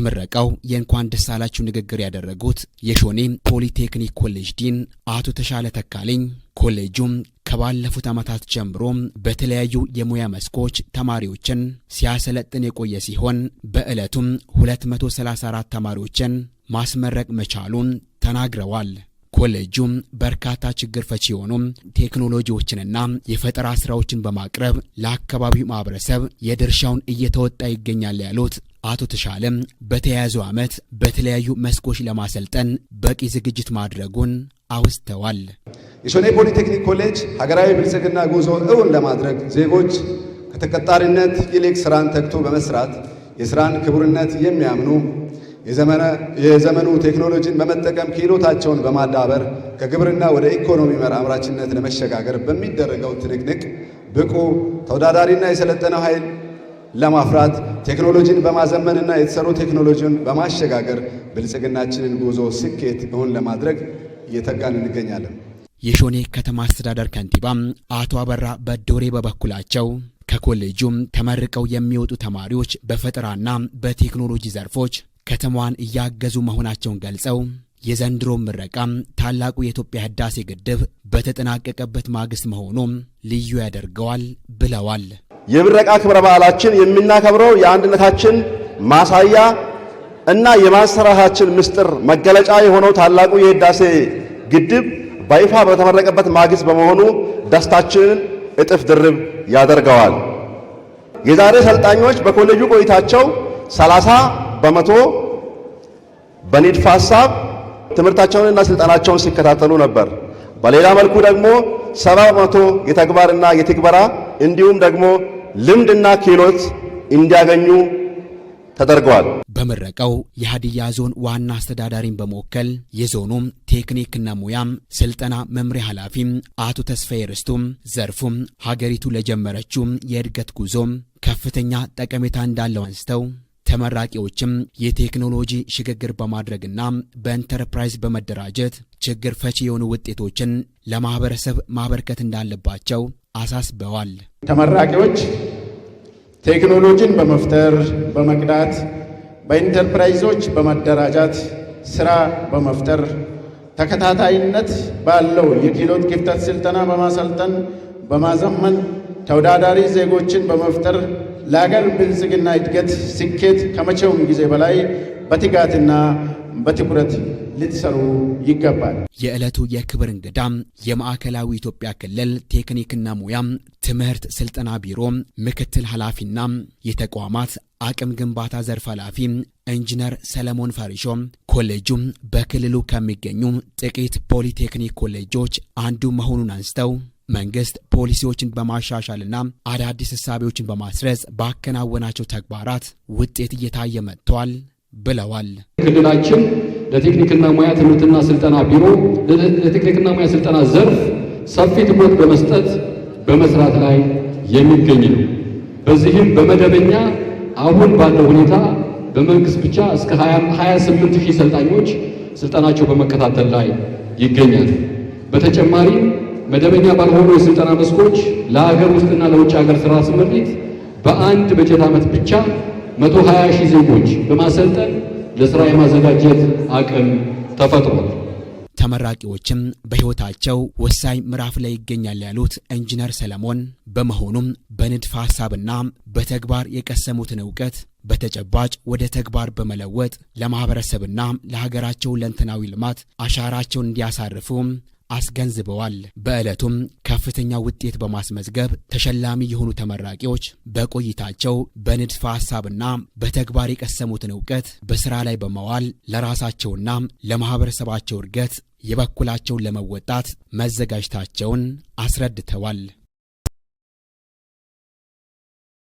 በምረቃው የእንኳን ደስ አላችሁ ንግግር ያደረጉት የሾኔ ፖሊቴክኒክ ኮሌጅ ዲን አቶ ተሻለ ተካልኝ ኮሌጁም ከባለፉት ዓመታት ጀምሮ በተለያዩ የሙያ መስኮች ተማሪዎችን ሲያሰለጥን የቆየ ሲሆን በዕለቱም 234 ተማሪዎችን ማስመረቅ መቻሉን ተናግረዋል። ኮሌጁም በርካታ ችግር ፈች የሆኑ ቴክኖሎጂዎችንና የፈጠራ ስራዎችን በማቅረብ ለአካባቢው ማህበረሰብ የድርሻውን እየተወጣ ይገኛል ያሉት አቶ ተሻለም በተያያዘው ዓመት በተለያዩ መስኮች ለማሰልጠን በቂ ዝግጅት ማድረጉን አውስተዋል። የሾኔ ፖሊቴክኒክ ኮሌጅ ሀገራዊ ብልጽግና ጉዞ እውን ለማድረግ ዜጎች ከተቀጣሪነት ይልቅ ስራን ተግቶ በመስራት የስራን ክቡርነት የሚያምኑ የዘመኑ ቴክኖሎጂን በመጠቀም ክህሎታቸውን በማዳበር ከግብርና ወደ ኢኮኖሚ መር አምራችነት ለመሸጋገር በሚደረገው ትንቅንቅ ብቁ ተወዳዳሪና የሰለጠነው ኃይል ለማፍራት ቴክኖሎጂን በማዘመንና የተሰሩ ቴክኖሎጂን በማሸጋገር ብልጽግናችንን ጉዞ ስኬት እውን ለማድረግ እየተጋን እንገኛለን። የሾኔ ከተማ አስተዳደር ከንቲባ አቶ አበራ በዶሬ በበኩላቸው ከኮሌጁም ተመርቀው የሚወጡ ተማሪዎች በፈጠራና በቴክኖሎጂ ዘርፎች ከተማዋን እያገዙ መሆናቸውን ገልጸው የዘንድሮ ምረቃ ታላቁ የኢትዮጵያ ህዳሴ ግድብ በተጠናቀቀበት ማግስት መሆኑም ልዩ ያደርገዋል ብለዋል። የምረቃ ክብረ በዓላችን የምናከብረው የአንድነታችን ማሳያ እና የማንሰራራታችን ምስጢር መገለጫ የሆነው ታላቁ የህዳሴ ግድብ በይፋ በተመረቀበት ማግስት በመሆኑ ደስታችንን እጥፍ ድርብ ያደርገዋል። የዛሬ ሰልጣኞች በኮሌጁ ቆይታቸው 30 በመቶ በንድፈ ሐሳብ ትምህርታቸውንና ስልጠናቸውን ሲከታተሉ ነበር። በሌላ መልኩ ደግሞ ሰ7 በመቶ የተግባርና የትግበራ እንዲሁም ደግሞ ልምድና ክህሎት እንዲያገኙ ተደርገዋል። በምረቀው የሀዲያ ዞን ዋና አስተዳዳሪን በመወከል የዞኑም ቴክኒክና ሙያም ስልጠና መምሪያ ኃላፊም አቶ ተስፋዬ ርስቱም ዘርፉም ሀገሪቱ ለጀመረችው የእድገት ጉዞም ከፍተኛ ጠቀሜታ እንዳለው አንስተው ተመራቂዎችም የቴክኖሎጂ ሽግግር በማድረግና በኢንተርፕራይዝ በመደራጀት ችግር ፈቺ የሆኑ ውጤቶችን ለማህበረሰብ ማበርከት እንዳለባቸው አሳስበዋል። ተመራቂዎች ቴክኖሎጂን በመፍጠር በመቅዳት በኢንተርፕራይዞች በመደራጃት ስራ በመፍጠር ተከታታይነት ባለው የክህሎት ክፍተት ስልጠና በማሰልጠን በማዘመን ተወዳዳሪ ዜጎችን በመፍጠር ለሀገር ብልጽግና እድገት ስኬት ከመቼውም ጊዜ በላይ በትጋትና በትኩረት ልትሰሩ ይገባል። የዕለቱ የክብር እንግዳም የማዕከላዊ ኢትዮጵያ ክልል ቴክኒክና ሙያ ትምህርት ስልጠና ቢሮ ምክትል ኃላፊና የተቋማት አቅም ግንባታ ዘርፍ ኃላፊ ኢንጂነር ሰለሞን ፈሪሾ ኮሌጁ በክልሉ ከሚገኙ ጥቂት ፖሊቴክኒክ ኮሌጆች አንዱ መሆኑን አንስተው መንግስት ፖሊሲዎችን በማሻሻልና አዳዲስ እሳቤዎችን በማስረጽ ባከናወናቸው ተግባራት ውጤት እየታየ መጥቷል ብለዋል። ክልላችን ለቴክኒክና ሙያ ትምህርትና ስልጠና ቢሮ ለቴክኒክና ሙያ ስልጠና ዘርፍ ሰፊ ትኩረት በመስጠት በመስራት ላይ የሚገኝ ነው። በዚህም በመደበኛ አሁን ባለው ሁኔታ በመንግስት ብቻ እስከ 28 ሺህ ሰልጣኞች ስልጠናቸው በመከታተል ላይ ይገኛል። በተጨማሪም መደበኛ ባልሆኑ የስልጠና መስኮች ለሀገር ውስጥና ለውጭ ሀገር ስራ ስምሪት በአንድ በጀት ዓመት ብቻ 120 ሺህ ዜጎች በማሰልጠን ለስራ የማዘጋጀት አቅም ተፈጥሯል። ተመራቂዎችም በሕይወታቸው ወሳኝ ምዕራፍ ላይ ይገኛል ያሉት ኢንጂነር ሰለሞን በመሆኑም በንድፈ ሐሳብና በተግባር የቀሰሙትን እውቀት በተጨባጭ ወደ ተግባር በመለወጥ ለማኅበረሰብና ለሀገራቸው ለንትናዊ ልማት አሻራቸውን እንዲያሳርፉ አስገንዝበዋል። በዕለቱም ከፍተኛ ውጤት በማስመዝገብ ተሸላሚ የሆኑ ተመራቂዎች በቆይታቸው በንድፈ ሐሳብና በተግባር የቀሰሙትን እውቀት በሥራ ላይ በማዋል ለራሳቸውና ለማኅበረሰባቸው እድገት የበኩላቸውን ለመወጣት መዘጋጀታቸውን አስረድተዋል።